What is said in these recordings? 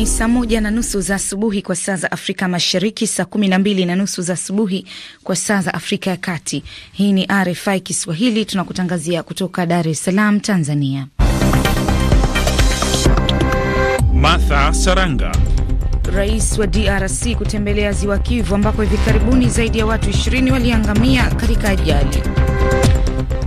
Ni saa moja na nusu za asubuhi kwa saa za Afrika Mashariki, saa kumi na mbili na nusu za asubuhi kwa saa za Afrika ya Kati. Hii ni RFI Kiswahili, tunakutangazia kutoka Dar es Salaam, Tanzania. Martha Saranga. Rais wa DRC kutembelea ziwa Kivu ambako hivi karibuni zaidi ya watu 20 waliangamia katika ajali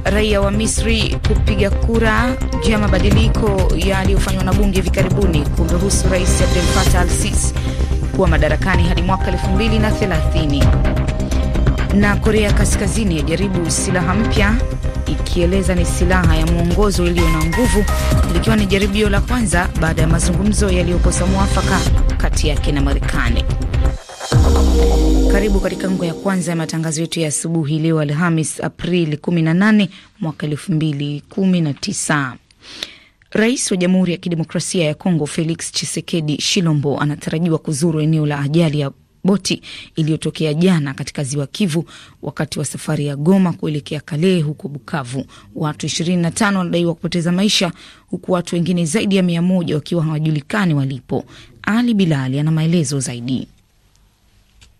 raia wa Misri kupiga kura juu ya mabadiliko yaliyofanywa na bunge hivi karibuni kumruhusu Rais Abdel Fattah al-Sisi kuwa madarakani hadi mwaka 2030. Na Korea Kaskazini yajaribu silaha mpya ikieleza ni silaha ya mwongozo iliyo na nguvu, likiwa ni jaribio la kwanza baada ya mazungumzo yaliyokosa mwafaka kati yake na Marekani. Karibu katika ngo ya kwanza ya matangazo yetu ya asubuhi leo Alhamis Aprili 18 mwaka 2019. Rais wa Jamhuri ya Kidemokrasia ya Kongo Felix chisekedi shilombo anatarajiwa kuzuru eneo la ajali ya boti iliyotokea jana katika ziwa Kivu wakati wa safari ya Goma kuelekea Kale huko Bukavu. Watu 25 wanadaiwa kupoteza maisha huku watu wengine zaidi ya mia moja wakiwa hawajulikani walipo. Ali Bilali ana maelezo zaidi.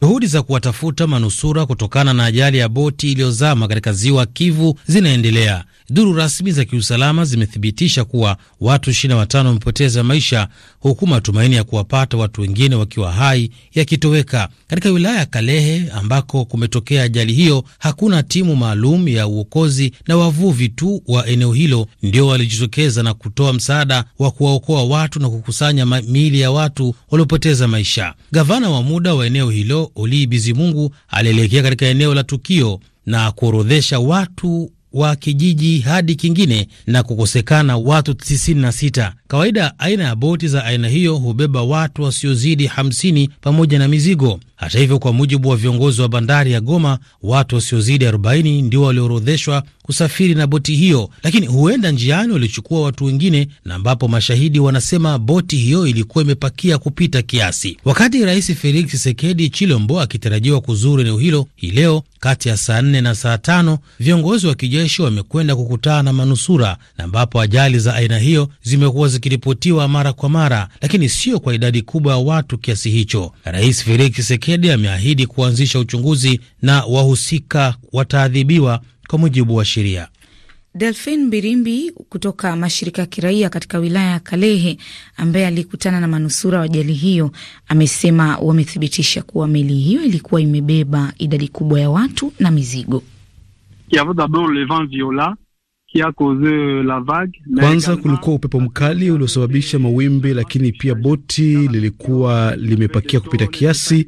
Juhudi za kuwatafuta manusura kutokana na ajali ya boti iliyozama katika ziwa Kivu zinaendelea. Duru rasmi za kiusalama zimethibitisha kuwa watu 25 wamepoteza maisha huku matumaini ya kuwapata watu wengine wakiwa hai yakitoweka. Katika wilaya ya Kalehe ambako kumetokea ajali hiyo, hakuna timu maalum ya uokozi na wavuvi tu wa eneo hilo ndio walijitokeza na kutoa msaada wa kuwaokoa watu na kukusanya miili ya watu waliopoteza maisha. Gavana wa muda wa eneo hilo Olii Bizimungu alielekea katika eneo la tukio na kuorodhesha watu wa kijiji hadi kingine na kukosekana watu 96. Kawaida aina ya boti za aina hiyo hubeba watu wasiozidi 50 pamoja na mizigo. Hata hivyo, kwa mujibu wa viongozi wa bandari ya Goma, watu wasiozidi 40 ndio walioorodheshwa kusafiri na boti hiyo, lakini huenda njiani walichukua watu wengine, na ambapo mashahidi wanasema boti hiyo ilikuwa imepakia kupita kiasi. Wakati Rais Felix Tshisekedi Chilombo akitarajiwa kuzuru eneo hilo hii leo kati ya saa nne na saa tano, viongozi wa kijeshi wamekwenda kukutana na manusura, na ambapo ajali za aina hiyo zimekuwa zikiripotiwa mara kwa mara, lakini sio kwa idadi kubwa ya watu kiasi hicho. Rais Felix Tshisekedi ameahidi kuanzisha uchunguzi na wahusika wataadhibiwa kwa mujibu wa sheria. Delfin Birimbi kutoka mashirika ya kiraia katika wilaya ya Kalehe, ambaye alikutana na manusura wa ajali hiyo, amesema wamethibitisha kuwa meli hiyo ilikuwa imebeba idadi kubwa ya watu na mizigo. Kwanza kulikuwa upepo mkali uliosababisha mawimbi, lakini pia boti lilikuwa limepakia kupita kiasi.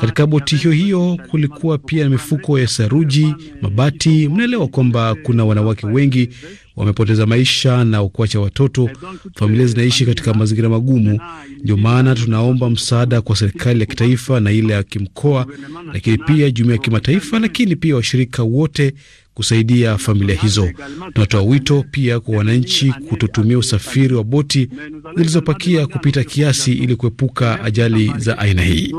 Katika boti hiyo hiyo kulikuwa pia na mifuko ya saruji, mabati. Mnaelewa kwamba kuna wanawake wengi wamepoteza maisha na kuacha watoto. Familia zinaishi katika mazingira magumu, ndio maana tunaomba msaada kwa serikali ya kitaifa na ile ya kimkoa, lakini pia jumuiya ya kimataifa, lakini pia washirika wote kusaidia familia hizo. Tunatoa wito pia kwa wananchi kutotumia usafiri wa boti zilizopakia kupita kiasi ili kuepuka ajali za aina hii.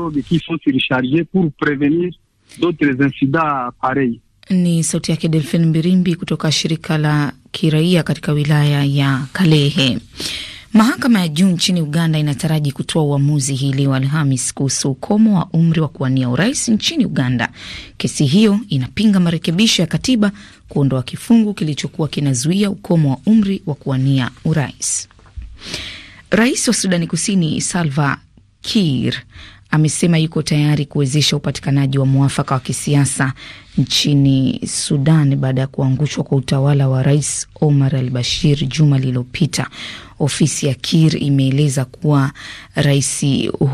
Ni sauti yake Delfin Mbirimbi kutoka shirika la kiraia katika wilaya ya Kalehe. Mahakama ya juu nchini Uganda inataraji kutoa uamuzi hii leo Alhamis kuhusu ukomo wa umri wa kuwania urais nchini Uganda. Kesi hiyo inapinga marekebisho ya katiba kuondoa kifungu kilichokuwa kinazuia ukomo wa umri wa kuwania urais. Rais wa Sudani Kusini Salva Kiir amesema yuko tayari kuwezesha upatikanaji wa mwafaka wa kisiasa nchini Sudan baada ya kuangushwa kwa utawala wa Rais Omar al Bashir juma lililopita. Ofisi ya Kir imeeleza kuwa rais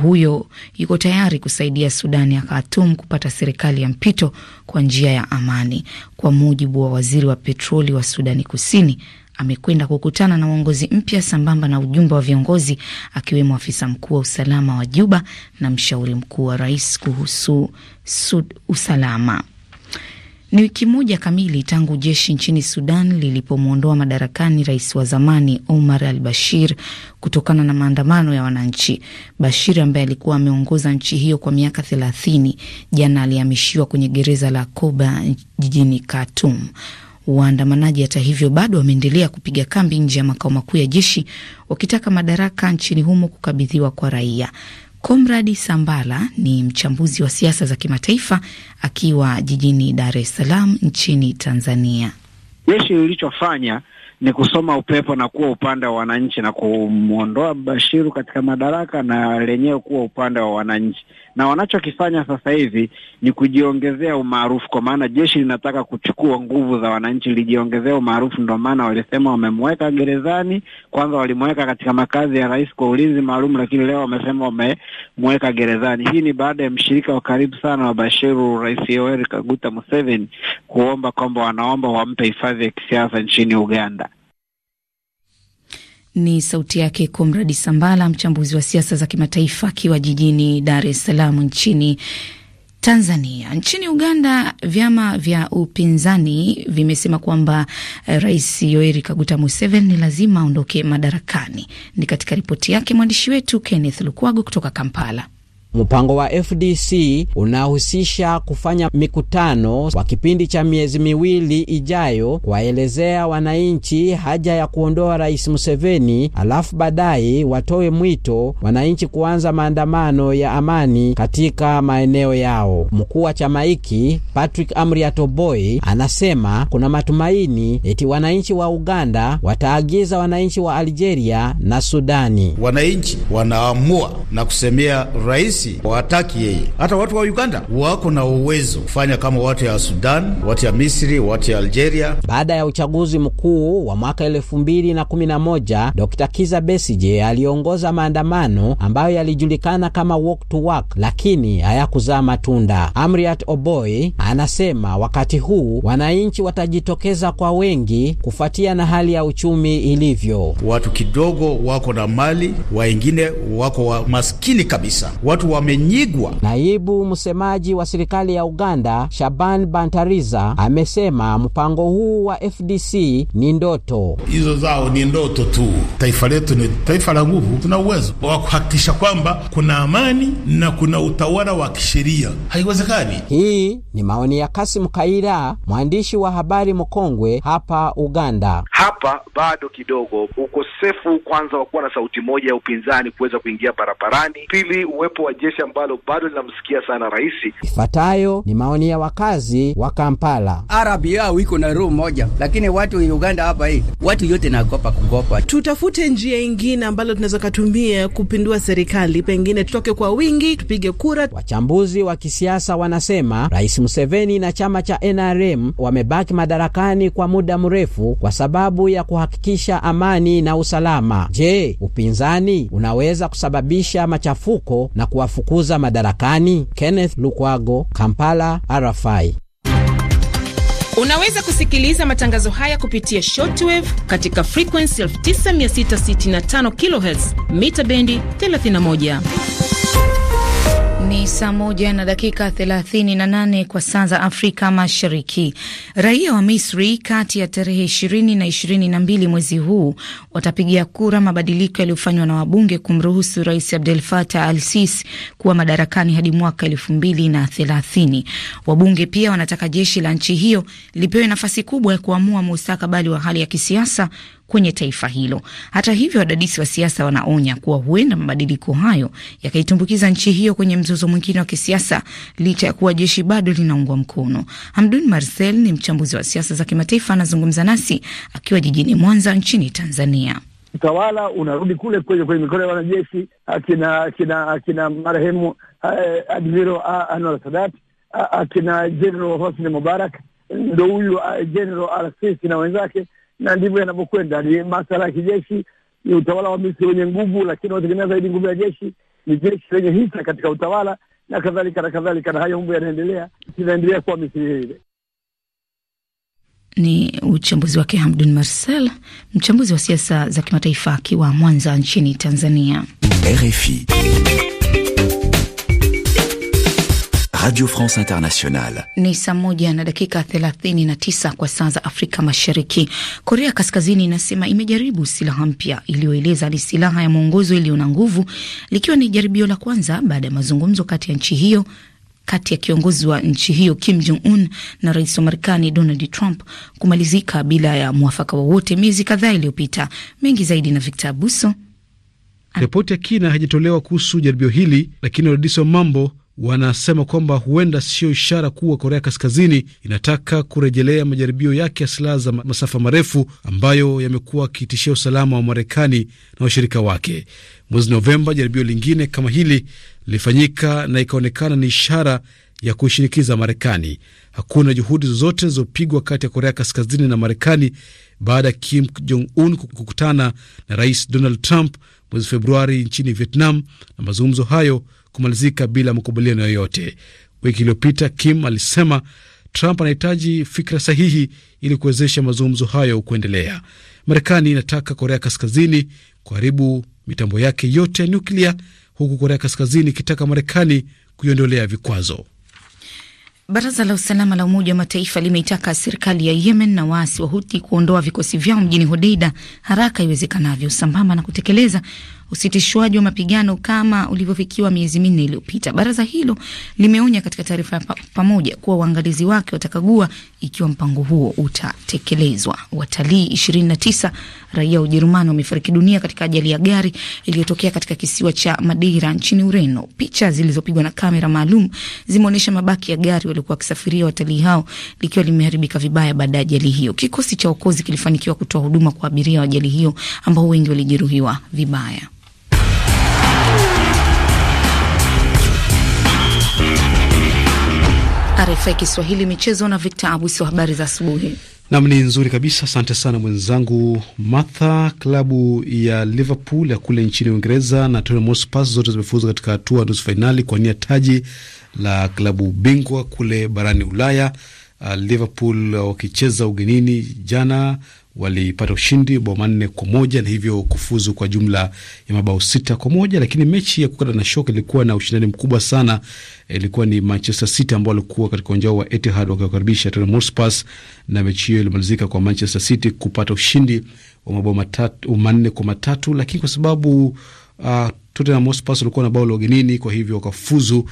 huyo yuko tayari kusaidia Sudani ya Khartoum kupata serikali ya mpito kwa njia ya amani, kwa mujibu wa waziri wa petroli wa Sudani Kusini amekwenda kukutana na uongozi mpya sambamba na ujumbe wa viongozi akiwemo afisa mkuu wa usalama wa Juba na mshauri mkuu wa rais kuhusu sud usalama. Ni wiki moja kamili tangu jeshi nchini Sudan lilipomwondoa madarakani rais wa zamani Omar al Bashir kutokana na maandamano ya wananchi. Bashir ambaye alikuwa ameongoza nchi hiyo kwa miaka thelathini, jana alihamishiwa kwenye gereza la Koba jijini Khartoum. Waandamanaji hata hivyo bado wameendelea kupiga kambi nje ya makao makuu ya jeshi wakitaka madaraka nchini humo kukabidhiwa kwa raia. Komradi Sambala ni mchambuzi wa siasa za kimataifa akiwa jijini Dar es Salaam nchini Tanzania. Jeshi lilichofanya ni kusoma upepo na kuwa upande wa wananchi na kumwondoa Bashiru katika madaraka na lenyewe kuwa upande wa wananchi na wanachokifanya sasa hivi ni kujiongezea umaarufu, kwa maana jeshi linataka kuchukua nguvu za wananchi, lijiongezea umaarufu. Ndio maana walisema wamemweka gerezani kwanza, walimweka katika makazi ya rais kwa ulinzi maalum, lakini leo wamesema wamemweka gerezani. Hii ni baada ya mshirika wa karibu sana wa Bashiru, Rais Yoweri Kaguta Museveni, kuomba kwamba wanaomba wampe hifadhi ya kisiasa nchini Uganda. Ni sauti yake Komradi Sambala, mchambuzi wa siasa za kimataifa akiwa jijini Dar es Salaam nchini Tanzania. Nchini Uganda, vyama vya upinzani vimesema kwamba eh, Rais Yoweri Kaguta Museveni lazima aondoke madarakani. Ni katika ripoti yake mwandishi wetu Kenneth Lukwago kutoka Kampala. Mpango wa FDC unahusisha kufanya mikutano kwa kipindi cha miezi miwili ijayo, kuwaelezea wananchi haja ya kuondoa Rais Museveni, alafu baadaye watoe mwito wananchi kuanza maandamano ya amani katika maeneo yao. Mkuu wa chama hiki Patrick Amriatoboy anasema kuna matumaini eti wananchi wa Uganda wataagiza wananchi wa Algeria na Sudani. Wananchi wanaamua na kusemea rais polisi hawataki yeye. Hata watu wa Uganda wako na uwezo kufanya kama watu ya Sudan, watu ya Misri, watu ya Algeria. Baada ya uchaguzi mkuu wa mwaka elfu mbili na kumi na moja, Dr. Kiza Besije aliongoza maandamano ambayo yalijulikana kama walk to work, lakini hayakuzaa matunda. Amriat Oboy anasema wakati huu wananchi watajitokeza kwa wengi kufuatia na hali ya uchumi ilivyo. Watu kidogo wako na mali, wengine wako wa maskini kabisa. Watu wamenyigwa. Naibu msemaji wa serikali ya Uganda Shaban Bantariza amesema mpango huu wa FDC ni ndoto. Hizo zao ni ndoto tu. Taifa letu ni taifa la nguvu, tuna uwezo wa kuhakikisha kwamba kuna amani na kuna utawala wa kisheria. Haiwezekani. Hii ni maoni ya Kasim Kaira, mwandishi wa habari mkongwe hapa Uganda. Hapa bado kidogo ukosefu kwanza wa kuwa na sauti moja ya upinzani kuweza kuingia barabarani, pili uwepo wa jeshi ambalo bado linamsikia sana rais. Ifuatayo ni maoni ya wakazi wa Kampala. Arabi yao iko na roho moja, lakini watu wa Uganda hapa hii watu yote nagopa kugopa. Tutafute njia ingine ambalo tunaweza katumia kupindua serikali, pengine tutoke kwa wingi, tupige kura. Wachambuzi wa kisiasa wanasema Rais Museveni na chama cha NRM wamebaki madarakani kwa muda mrefu kwa sababu ya kuhakikisha amani na usalama. Je, upinzani unaweza kusababisha machafuko na kuwa kuwafukuza madarakani? Kenneth Lukwago, Kampala, RFI. Unaweza kusikiliza matangazo haya kupitia shortwave katika frequency 9665 kHz mita bendi 31 saa moja na dakika thelathini na nane kwa saa za Afrika Mashariki. Raia wa Misri kati ya tarehe ishirini na ishirini na mbili mwezi huu watapigia kura mabadiliko yaliyofanywa na wabunge kumruhusu Rais Abdel Fattah Al Sisi kuwa madarakani hadi mwaka elfu mbili na thelathini. Wabunge pia wanataka jeshi la nchi hiyo lipewe nafasi kubwa ya kuamua mustakabali wa hali ya kisiasa kwenye taifa hilo. Hata hivyo, wadadisi wa siasa wanaonya kuwa huenda mabadiliko hayo yakaitumbukiza nchi hiyo kwenye mzozo mwingine wa kisiasa, licha ya kuwa jeshi bado linaungwa mkono. Hamdun Marcel ni mchambuzi wa siasa za kimataifa, anazungumza nasi akiwa jijini Mwanza nchini Tanzania. Utawala unarudi kule kwenye kwenye mikono ya wanajeshi, akina akina akina marehemu eh, admiro ah, Anwar Sadat, ah, akina General Hosni Mubarak, ndo huyu ah, General Al-Sisi na wenzake na ndivyo yanavyokwenda. Ni masala ya kijeshi, ni utawala wa Misri wenye nguvu, lakini wanategemea zaidi nguvu ya jeshi, ni jeshi lenye hisa katika utawala na kadhalika na kadhalika, na hayo mambo yanaendelea, inaendelea kuwa Misri ile. Ni uchambuzi wake Hamdun Marcel, mchambuzi wa siasa za kimataifa akiwa Mwanza nchini Tanzania, RFI. Radio France Internationale. Ni saa moja na dakika 39 kwa saa za Afrika Mashariki. Korea Kaskazini inasema imejaribu silaha mpya iliyoeleza ni silaha ya mwongozo iliyo na nguvu, likiwa ni jaribio la kwanza baada ya mazungumzo kati ya nchi hiyo kati ya kiongozi wa nchi hiyo Kim Jong Un na rais wa Marekani Donald Trump kumalizika bila ya mwafaka wowote miezi kadhaa iliyopita. Mengi zaidi na Victor Abuso. Ripoti ya kina haijatolewa kuhusu jaribio hili, lakini wadadisi wa mambo wanasema kwamba huenda sio ishara kuwa Korea Kaskazini inataka kurejelea majaribio yake ya silaha za masafa marefu ambayo yamekuwa akitishia usalama wa Marekani na washirika wake. Mwezi Novemba, jaribio lingine kama hili lilifanyika na ikaonekana ni ishara ya kuishinikiza Marekani. Hakuna juhudi zozote zilizopigwa kati ya Korea Kaskazini na Marekani baada ya Kim Jong Un kukutana na Rais Donald Trump mwezi Februari nchini Vietnam, na mazungumzo hayo kumalizika bila makubaliano yoyote. Wiki iliyopita Kim alisema Trump anahitaji fikra sahihi ili kuwezesha mazungumzo hayo kuendelea. Marekani inataka Korea Kaskazini kuharibu mitambo yake yote ya nyuklia, huku Korea Kaskazini ikitaka Marekani kuiondolea vikwazo. Baraza la usalama la Umoja wa Mataifa limeitaka serikali ya Yemen na waasi wa Huti kuondoa vikosi vyao mjini Hodeida haraka iwezekanavyo, sambamba na kutekeleza usitishwaji wa mapigano kama ulivyofikiwa miezi minne iliyopita. Baraza hilo limeonya katika taarifa ya pamoja kuwa waangalizi wake watakagua ikiwa mpango huo utatekelezwa. Watalii 29 raia wa Ujerumani wamefariki dunia katika ajali ya gari iliyotokea katika kisiwa cha Madeira nchini Ureno. Picha zilizopigwa na kamera maalum zimeonyesha mabaki ya gari waliokuwa wakisafiria watalii hao likiwa limeharibika vibaya baada ya ajali hiyo. Kikosi cha uokozi kilifanikiwa kutoa huduma kwa abiria wa ajali hiyo ambao wengi walijeruhiwa vibaya. RFI Kiswahili michezo na Victor wa Habari za asubuhi. Nam ni nzuri kabisa, asante sana mwenzangu Martha. Klabu ya Liverpool ya kule nchini Uingereza na Tottenham Hotspur zote zimefuzwa katika hatua nusu fainali kwa nia taji la klabu bingwa kule barani Ulaya. Uh, Liverpool wakicheza ugenini jana walipata ushindi bao manne kwa moja na hivyo kufuzu kwa jumla ya mabao sita kwa moja. Lakini mechi ya kukata na shoka ilikuwa na ushindani mkubwa sana. Ilikuwa ni Manchester City ambao walikuwa katika uwanja wa Etihad wakiwakaribisha Tottenham Hotspur, na mechi hiyo ilimalizika kwa Manchester City kupata ushindi wa mabao manne kwa matatu, lakini kwa sababu uh, Tottenham Hotspur walikuwa na bao la ugenini, kwa hivyo wakafuzu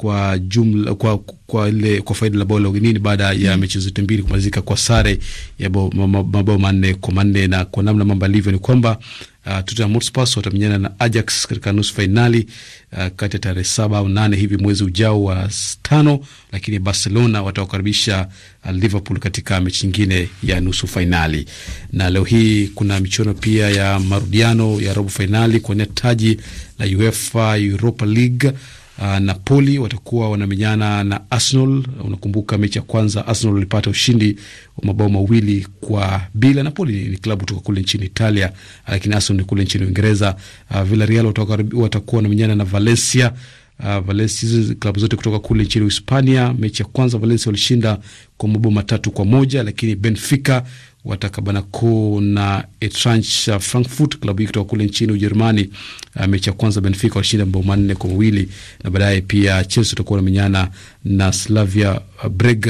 kwa jumla, kwa, kwa, ile, kwa faida la bao la ugenini baada ya mm. mechi zote mbili kumalizika kwa sare ya mabao manne kwa manne. Na kwa namna mambo yalivyo ni kwamba uh, Tottenham Hotspur watamenyana na Ajax katika nusu fainali uh, kati ya tarehe saba au nane hivi mwezi ujao wa uh, tano, lakini Barcelona watawakaribisha uh, Liverpool katika mechi nyingine ya nusu fainali. Na leo hii kuna michuano pia ya marudiano ya robo fainali kwenye taji la UEFA Europa League Uh, Napoli watakuwa wanamenyana na Arsenal. Unakumbuka mechi ya kwanza Arsenal walipata ushindi wa mabao mawili kwa bila. Napoli ni klabu kutoka kule nchini Italia, lakini Arsenal ni kule nchini Uingereza. Uh, Villarreal watakuwa wanamenyana na Valencia. Uh, Valencia, klabu zote kutoka kule nchini Hispania. Mechi ya kwanza Valencia walishinda kwa mabao matatu kwa moja, lakini Benfica watakabanako na Eintracht Frankfurt, klabu hii kutoka kule nchini Ujerumani. Uh, mechi ya kwanza Benfica walishinda mabao manne kwa mawili na baadaye pia Chelsea watakuwa wanamenyana na Slavia Breg.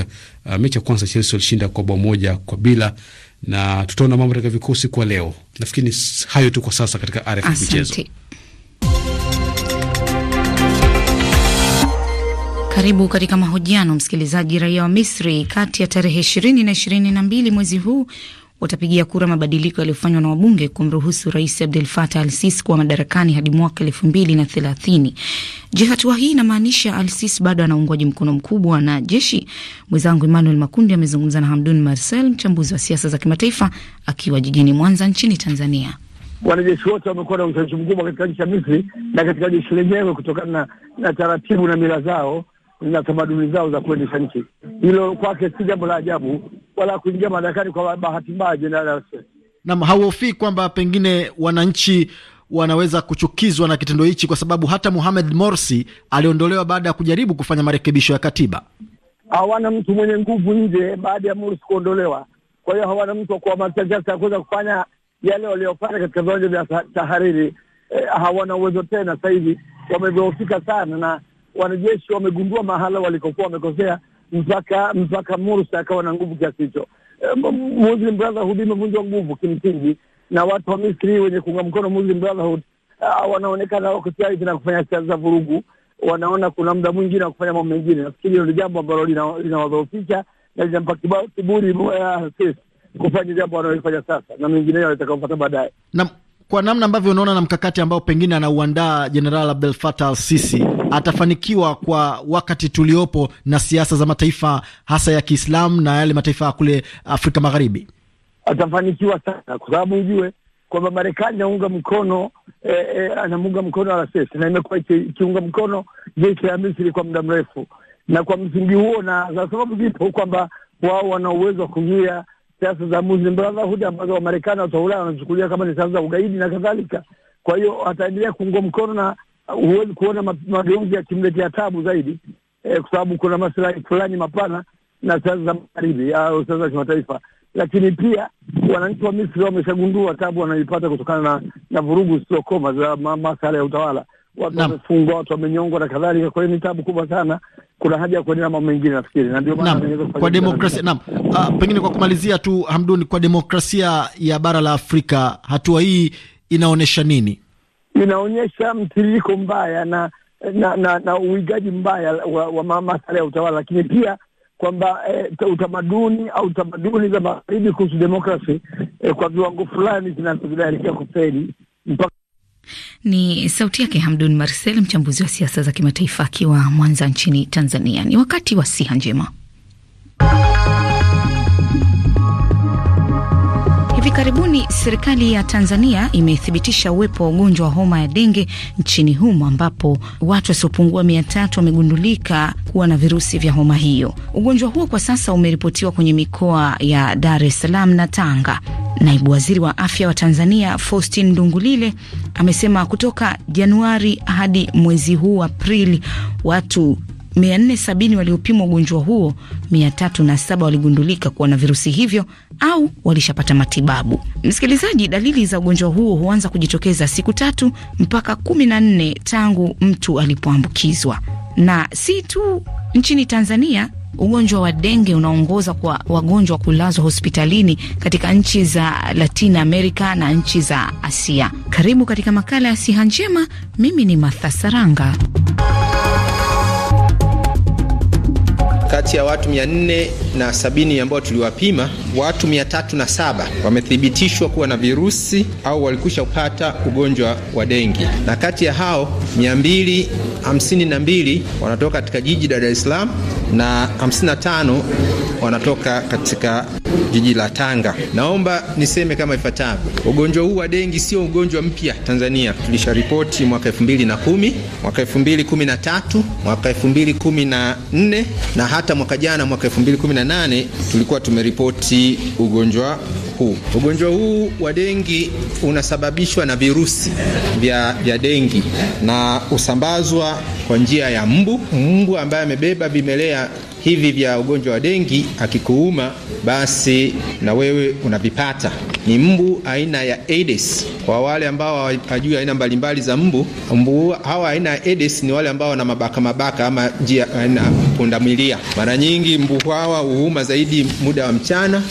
Uh, mechi ya kwanza Chelsea walishinda kwa bao moja kwa bila, na tutaona mambo katika vikosi kwa leo. Nafikiri ni hayo tu kwa sasa katika RF michezo. Karibu katika mahojiano msikilizaji. Raia wa Misri kati ya tarehe ishirini na ishirini na mbili mwezi huu watapigia kura mabadiliko yaliyofanywa na wabunge kumruhusu Rais Abdel Fatah Al Sisi kuwa madarakani hadi mwaka elfu mbili na thelathini. Je, hatua hii inamaanisha Al Sisi bado ana uungwaji mkono mkubwa na jeshi? Mwenzangu Emmanuel Makundi amezungumza na Hamdun Marcel, mchambuzi wa siasa za kimataifa, akiwa jijini Mwanza nchini Tanzania. Wanajeshi wote wamekuwa na ushawishi mkubwa katika nchi ya Misri na katika jeshi lenyewe kutokana na taratibu na mila zao na tamaduni zao za kuendesha nchi. Hilo kwake si jambo la ajabu wala kuingia madarakani kwa bahati mbaya. Jenerali nam, hauhofii kwamba pengine wananchi wanaweza kuchukizwa na kitendo hichi, kwa sababu hata Mohamed Morsi aliondolewa baada ya kujaribu kufanya marekebisho ya katiba. Hawana mtu mwenye nguvu nje baada ya Morsi kuondolewa, kwa hiyo hawana mtu wa kuhamasisha siasa ya kuweza kufanya yale waliofanya katika viwanja vya Tahariri. Eh, hawana uwezo tena, sasa hivi wamedhoofika sana na wanajeshi wamegundua mahala walikokuwa wamekosea, mpaka mpaka Mursa akawa na nguvu kiasi hicho. Eh, Muslim Brotherhood imevunjwa nguvu kimsingi, na watu wa Misri wenye kuunga mkono Muslim Brotherhood ah, wanaonekana wako tayari na kufanya siasa za vurugu, wanaona kuna muda mwingine wa kufanya mambo mengine. Nafikiri hilo ni jambo ambalo linawadhoofisha na linampa kiburi eh, kufanya jambo wanaoifanya sasa, na mengineyo yatakayopata baadaye kwa namna ambavyo unaona na mkakati ambao pengine anauandaa Jeneral Abdel Fattah al-Sisi atafanikiwa kwa wakati tuliopo na siasa za mataifa hasa ya Kiislamu na yale mataifa ya kule Afrika Magharibi? Atafanikiwa sana kwa sababu ujue kwamba Marekani anaunga mkono e, e, anamuunga mkono RSS na imekuwa ikiunga mkono jeshi la Misri kwa muda mrefu, na kwa msingi huo na za sababu zipo kwamba wao wana uwezo wa kuzuia siasa za Muslim Brotherhood ambazo Wamarekani watu wa Ulaya wanachukulia kama ni siasa za ugaidi na kadhalika. Kwa hiyo ataendelea kuungwa mkono na huwezi kuona mageuzi yakimletea tabu zaidi eh, kwa sababu kuna maslahi fulani mapana na siasa za magharibi au siasa za kimataifa. Lakini pia wananchi wa Misri wameshagundua tabu wanaipata kutokana na, na vurugu zisizokoma za masala ya utawala watu wamefungwa, watu wamenyongwa na kadhalika. Kwa hiyo ni tabu kubwa sana, kuna haja ya kuendelea mambo mengine nafikiri, na ndio maana kwa demokrasia naam. Uh, pengine kwa kumalizia tu Hamduni, kwa demokrasia ya bara la Afrika hatua hii inaonyesha nini? Inaonyesha mtiririko mbaya na na na, na uigaji mbaya wa, wa masala ya utawala, lakini pia kwamba e, utamaduni au tamaduni za magharibi kuhusu demokrasi e, kwa viwango fulani zinaelekea kufeli mpaka ni sauti yake Hamdun Marsel, mchambuzi wa siasa za kimataifa akiwa Mwanza nchini Tanzania. Ni wakati wa siha njema Hivi karibuni serikali ya Tanzania imethibitisha uwepo wa ugonjwa wa homa ya denge nchini humo ambapo watu wasiopungua mia tatu wamegundulika kuwa na virusi vya homa hiyo. Ugonjwa huo kwa sasa umeripotiwa kwenye mikoa ya Dar es Salaam na Tanga. Naibu waziri wa afya wa Tanzania Faustin Ndungulile amesema kutoka Januari hadi mwezi huu Aprili watu 470 waliopimwa ugonjwa huo 307 waligundulika kuwa na virusi hivyo au walishapata matibabu. Msikilizaji, dalili za ugonjwa huo huanza kujitokeza siku tatu mpaka kumi na nne tangu mtu alipoambukizwa, na si tu nchini Tanzania. Ugonjwa wa denge unaongoza kwa wagonjwa kulazwa hospitalini katika nchi za Latin America na nchi za Asia. Karibu katika makala ya Siha Njema. Mimi ni mathasaranga Saranga kati ya watu 470 ambao tuliwapima, watu 307 wamethibitishwa kuwa na virusi au walikwisha kupata ugonjwa wa dengi, na kati ya hao 252 wanatoka katika jiji la Dar es Salaam na 55 wanatoka katika jiji la Tanga. Naomba niseme kama ifuatavyo: ugonjwa huu wa dengi sio ugonjwa mpya Tanzania. Tulisharipoti mwaka 2010, mwaka 2013, mwaka 2014 na hata mwaka jana, mwaka 2018 tulikuwa tumeripoti ugonjwa huu. Ugonjwa huu wa dengi unasababishwa na virusi vya, vya dengi na usambazwa kwa njia ya mbu. Mbu ambaye amebeba vimelea hivi vya ugonjwa wa dengi akikuuma basi na wewe unavipata. Ni mbu aina ya Aedes. Kwa wale ambao hawajui aina mbalimbali za mbu, mbu hawa aina ya Aedes ni wale ambao wana mabaka mabaka ama njia aina pundamilia. Mara nyingi mbu hawa huuma zaidi muda wa mchana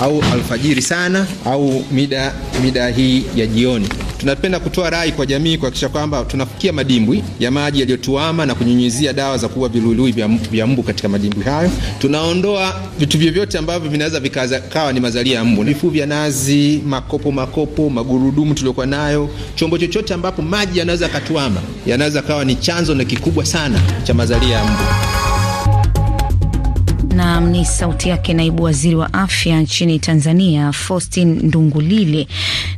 au alfajiri sana au mida, mida hii ya jioni. Tunapenda kutoa rai kwa jamii kuhakikisha kwamba tunafukia madimbwi ya maji yaliyotuama na kunyunyizia dawa za kuua viluilui vya mbu katika madimbwi hayo. Tunaondoa vitu vyovyote ambavyo vinaweza vikawa ni mazalia ya mbu, vifuu vya nazi, makopo makopo, magurudumu tuliokuwa nayo, chombo chochote ambapo maji yanaweza yakatuama, yanaweza kawa ni chanzo na kikubwa sana cha mazalia ya mbu. Naam, ni sauti yake naibu waziri wa afya nchini Tanzania, Faustin Ndungulile.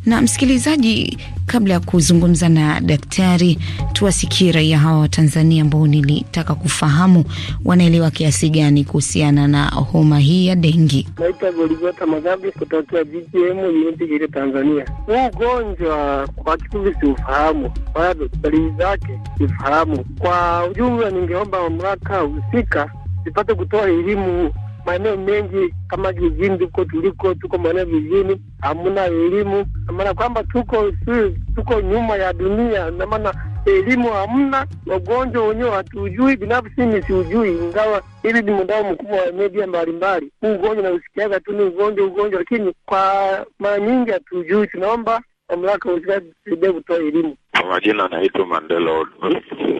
Na msikilizaji, kabla ya kuzungumza na daktari, tuwasikie raia hawa wa Tanzania ambao nilitaka kufahamu wanaelewa kiasi gani kuhusiana na homa hii ya dengi. Naitwa Goligota Magabi kutokea GGM ile Tanzania. Huu ugonjwa kwa kifupi siufahamu, bado dalili zake sifahamu. Kwa ujumla, ningeomba mamlaka husika zipate kutoa elimu maeneo mengi kama jijini tuko tuliko, tuko maeneo vijijini hamna elimu, na maana kwamba tuko si, tuko nyuma ya dunia, na maana elimu hamna, wagonjwa wenyewe hatujui, binafsi mi siujui, ingawa hili ni mdau mkubwa wa media mbalimbali. Huu ugonjwa nausikiaga tu ni ugonjwa ugonjwa, lakini kwa mara nyingi hatujui. Tunaomba mamlaka uwekezaji kutoa elimu. Kwa majina anaitwa Mandela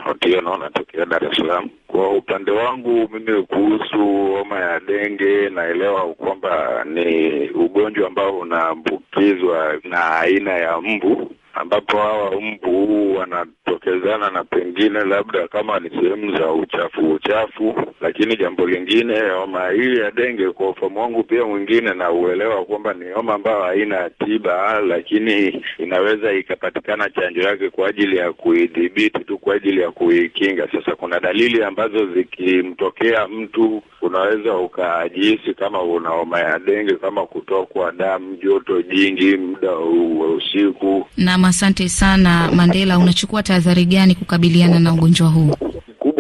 Otieno, natokea Dar es Salaam. Kwa upande wangu mimi, kuhusu homa ya denge, naelewa kwamba ni ugonjwa ambao unaambukizwa na aina ya mbu ambapo hawa mbu wana kutokezana na pengine labda kama ni sehemu za uchafu uchafu. Lakini jambo lingine, homa hii ya denge, kwa ufamu wangu pia mwingine, na uelewa kwamba ni homa ambayo haina tiba, lakini inaweza ikapatikana chanjo yake kwa ajili ya kuidhibiti tu, kwa ajili ya kuikinga. Sasa kuna dalili ambazo zikimtokea mtu unaweza ukajihisi kama una homa ya denge, kama kutokwa damu, joto jingi, muda wa usiku. Nam, asante sana Mandela, unachukua tazi tahadhari gani kukabiliana na ugonjwa huu?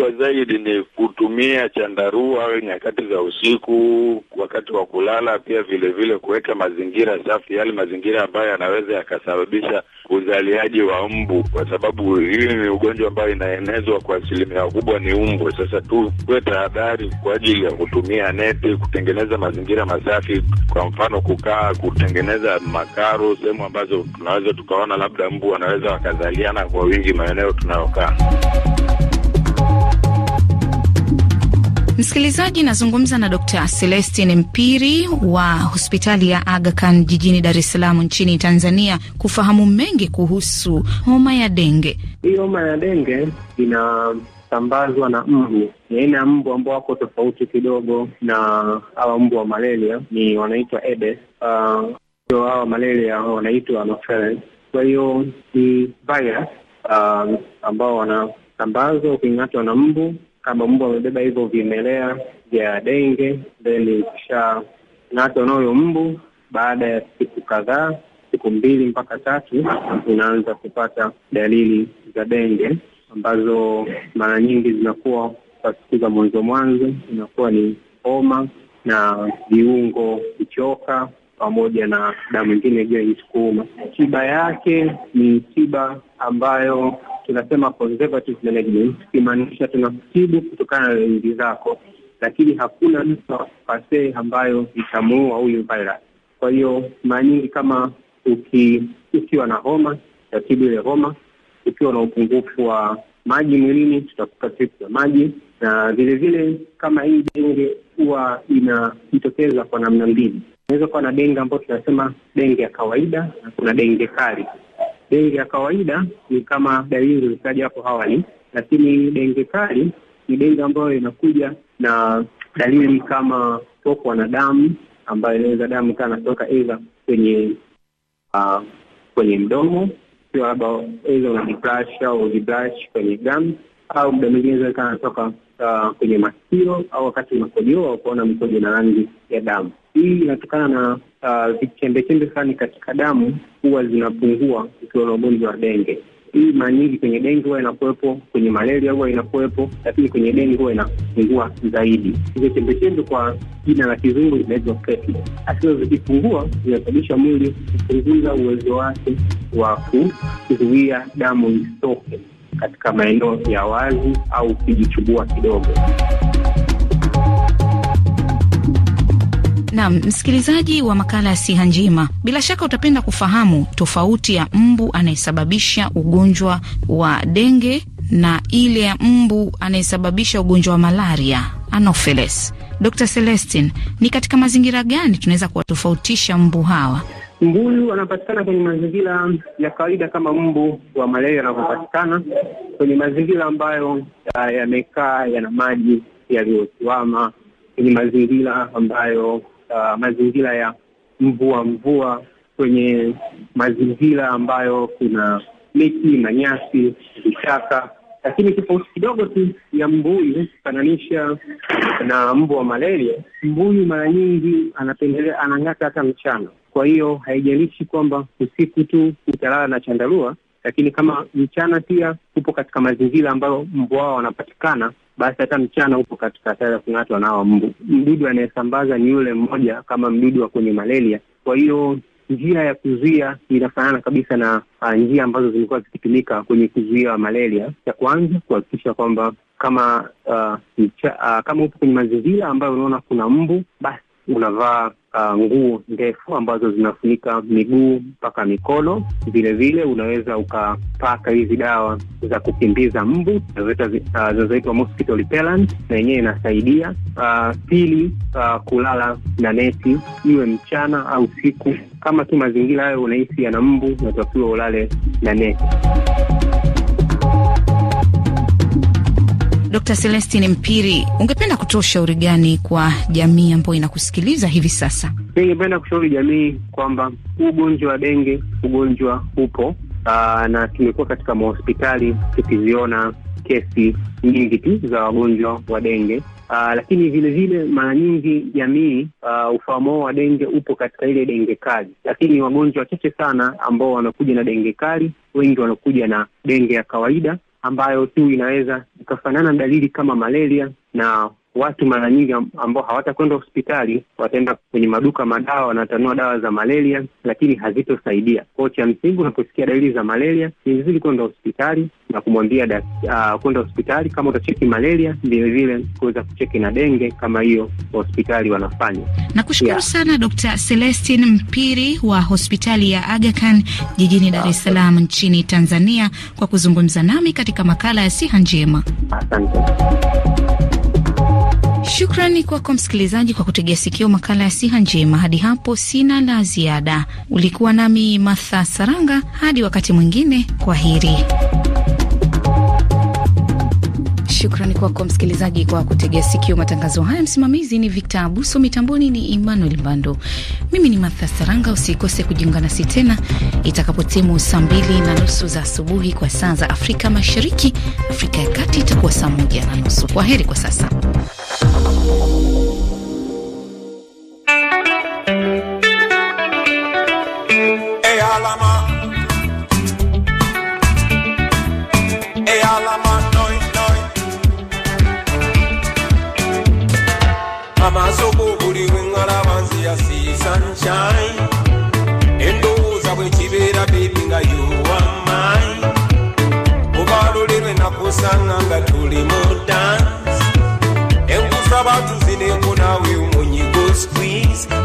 kubwa zaidi ni kutumia chandarua nyakati za usiku, wakati wa kulala, pia vilevile kuweka mazingira safi, yale mazingira ambayo yanaweza yakasababisha uzaliaji wa mbu, kwa sababu hili ni ugonjwa ambayo inaenezwa kwa asilimia kubwa ni mbu. Sasa tuwe tahadhari kwa ajili ya kutumia neti, kutengeneza mazingira masafi, kwa mfano kukaa, kutengeneza makaro, sehemu ambazo tunaweza tukaona labda mbu wanaweza wakazaliana kwa wingi maeneo tunayokaa. Msikilizaji, nazungumza na Dr. Celestin Mpiri wa hospitali ya Aga Khan jijini Dar es Salaam nchini Tanzania kufahamu mengi kuhusu homa ya denge. Hii homa ya denge inasambazwa na mbu ni aina ya mbu ambao wako tofauti kidogo na hawa mbu wa malaria, ni wanaitwa Aedes. Uh, hawa malaria wanaitwa anopheles. Kwa hiyo ni virus uh, ambao wanasambazwa uking'atwa na mbu kama mbwa amebeba hivyo vimelea vya denge, then kisha ng'atwa nayo mbu. Baada ya siku kadhaa, siku mbili mpaka tatu, unaanza kupata dalili za denge ambazo mara nyingi zinakuwa kwa siku za mwanzo mwanzo, inakuwa ni homa na viungo kuchoka pamoja na dawa nyingine isukuma. Tiba yake ni tiba ambayo tunasema conservative management, kimaanisha tunakutibu kutokana na dalili zako, lakini hakuna dawa pase ambayo itamuua huyu virus. Kwa hiyo mara nyingi kama uki, ukiwa na homa tutatibu ile homa, ukiwa na upungufu wa maji mwilini tutakupa tripu ya maji, na vilevile kama hii denge huwa inajitokeza kwa namna mbili. Unaweza kuwa na denge ambayo tunasema denge ya kawaida na kuna denge kali. denge ya kawaida ni kama dalili zilizotaja hapo awali, lakini denge kali ni denge ambayo inakuja na dalili kama kutokwa na damu ambayo inaweza damu kaa natoka aidha kwenye uh, kwenye mdomo ikiwa labda aidha una au jibrash kwenye gamu au muda mwingine inaweza kaa natoka uh, kwenye masikio au wakati unakojoa ukaona mkojo na rangi ya damu. Hii inatokana na uh, vichembechembe fulani katika damu huwa zinapungua ukiwa na ugonjwa wa denge. Hii mara nyingi kwenye denge huwa inakuwepo, kwenye malaria huwa inakuwepo, lakini kwenye denge huwa inapungua zaidi. Hizo chembechembe kwa jina la kizungu zinaitwa platelets, zikipungua zinasababisha mwili kupunguza uwezo wake wa kuzuia damu isitoke katika maeneo ya wazi au kujichubua kidogo. Nam msikilizaji wa makala ya Siha Njema, bila shaka utapenda kufahamu tofauti ya mbu anayesababisha ugonjwa wa denge na ile ya mbu anayesababisha ugonjwa wa malaria anopheles. Dr. Celestin, ni katika mazingira gani tunaweza kuwatofautisha mbu hawa? Mbuyu anapatikana kwenye mazingira ya kawaida kama mbu wa malaria anavyopatikana kwenye mazingira ambayo ah, yamekaa yana maji yaliyotuama, kwenye mazingira ambayo uh, mazingira ya mvua mvua, kwenye mazingira ambayo kuna miti manyasi vichaka. Lakini tofauti kidogo tu ya mbuyu kufananisha na mbu wa malaria, mbuyu mara nyingi anapendelea, anang'ata hata mchana kwa hiyo haijalishi kwamba usiku tu utalala na chandarua, lakini kama mchana pia upo katika mazingira ambayo mbu hao wanapatikana, basi hata mchana upo katika hatari ya kung'atwa na nao mbu. Mdudu anayesambaza ni yule mmoja kama mdudu wa kwenye malaria. Kwa hiyo njia ya kuzuia inafanana kabisa na uh, njia ambazo zimekuwa zikitumika kwenye kuzuia malaria. ya kwanza kuhakikisha kwamba kama uh, mcha, uh, kama upo kwenye mazingira ambayo unaona kuna mbu, basi unavaa uh, nguo ndefu ambazo zinafunika miguu mpaka mikono. Vilevile unaweza ukapaka hizi dawa za kukimbiza mbu uh, zinazoitwa uh, mosquito repellent, na yenyewe inasaidia. Uh, pili, uh, kulala na neti, iwe mchana au siku. Kama tu mazingira hayo unahisi yana mbu, unatakiwa ulale na neti. Dr. Celestine Mpiri, ungependa kutoa ushauri gani kwa jamii ambayo inakusikiliza hivi sasa? Ningependa kushauri jamii kwamba huu ugonjwa wa denge, ugonjwa upo aa, na tumekuwa katika mahospitali tukiziona kesi nyingi tu za wagonjwa wa denge. Uh, lakini vile vile mara nyingi jamii uh, ufahamu wa denge upo katika ile denge kali, lakini wagonjwa wachache sana ambao wanakuja na denge kali, wengi wanakuja na denge ya kawaida ambayo tu inaweza ikafanana dalili kama malaria na watu mara nyingi ambao hawatakwenda hospitali wataenda kwenye maduka madawa, wanatanua dawa za malaria, lakini hazitosaidia kwao. Cha msingi, unaposikia dalili za malaria ni vizuri kwenda hospitali na kumwambia uh, kwenda hospitali kama utacheki malaria, vilevile kuweza kucheki na denge kama hiyo hospitali wanafanya. Nakushukuru yeah, sana Dr. Celestin Mpiri wa hospitali ya Aga Khan jijini Dar es Salaam nchini Tanzania kwa kuzungumza nami katika makala ya siha njema. Asante. Shukrani kwako msikilizaji kwa kutegea sikio makala ya siha njema. Hadi hapo sina la ziada. Ulikuwa nami Martha Saranga, hadi wakati mwingine, kwa heri. Shukrani kwako msikilizaji kwa, kutegea sikio matangazo haya. Msimamizi ni Victor Abuso, mitamboni ni Emmanuel Bando, mimi ni Martha Saranga. Usikose kujiunga nasi tena itakapotimu saa mbili na nusu za asubuhi kwa saa za Afrika Mashariki. Afrika ya Kati itakuwa saa moja na nusu. Kwa heri kwa sasa.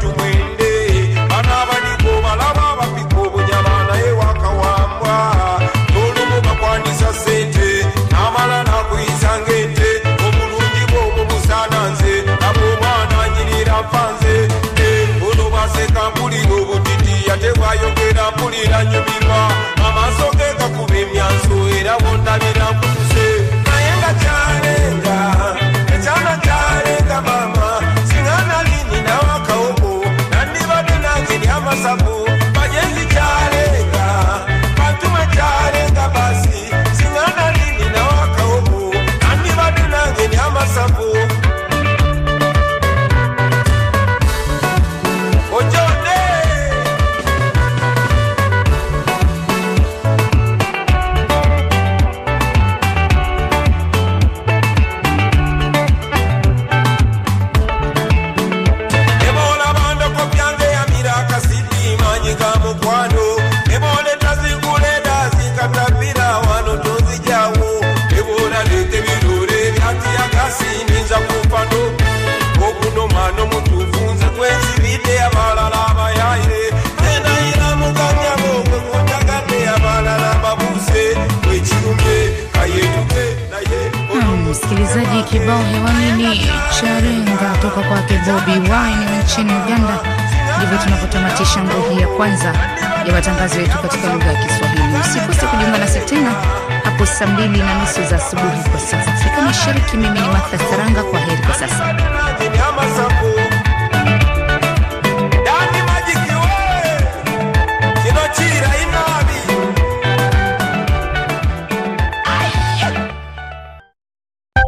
to wait. msikilizaji, kibao hewani ni charenga toka kwake Bobi Wine nchini Uganda. Ndivyo tunavyotamatisha nguhi ya kwanza ya matangazo yetu katika lugha ya Kiswahili. Usikose kujiunga nasi tena hapo saa mbili na nusu za asubuhi kwa sasa Afrika Mashariki. Mimi ni Martha Saranga, kwa heri kwa sasa.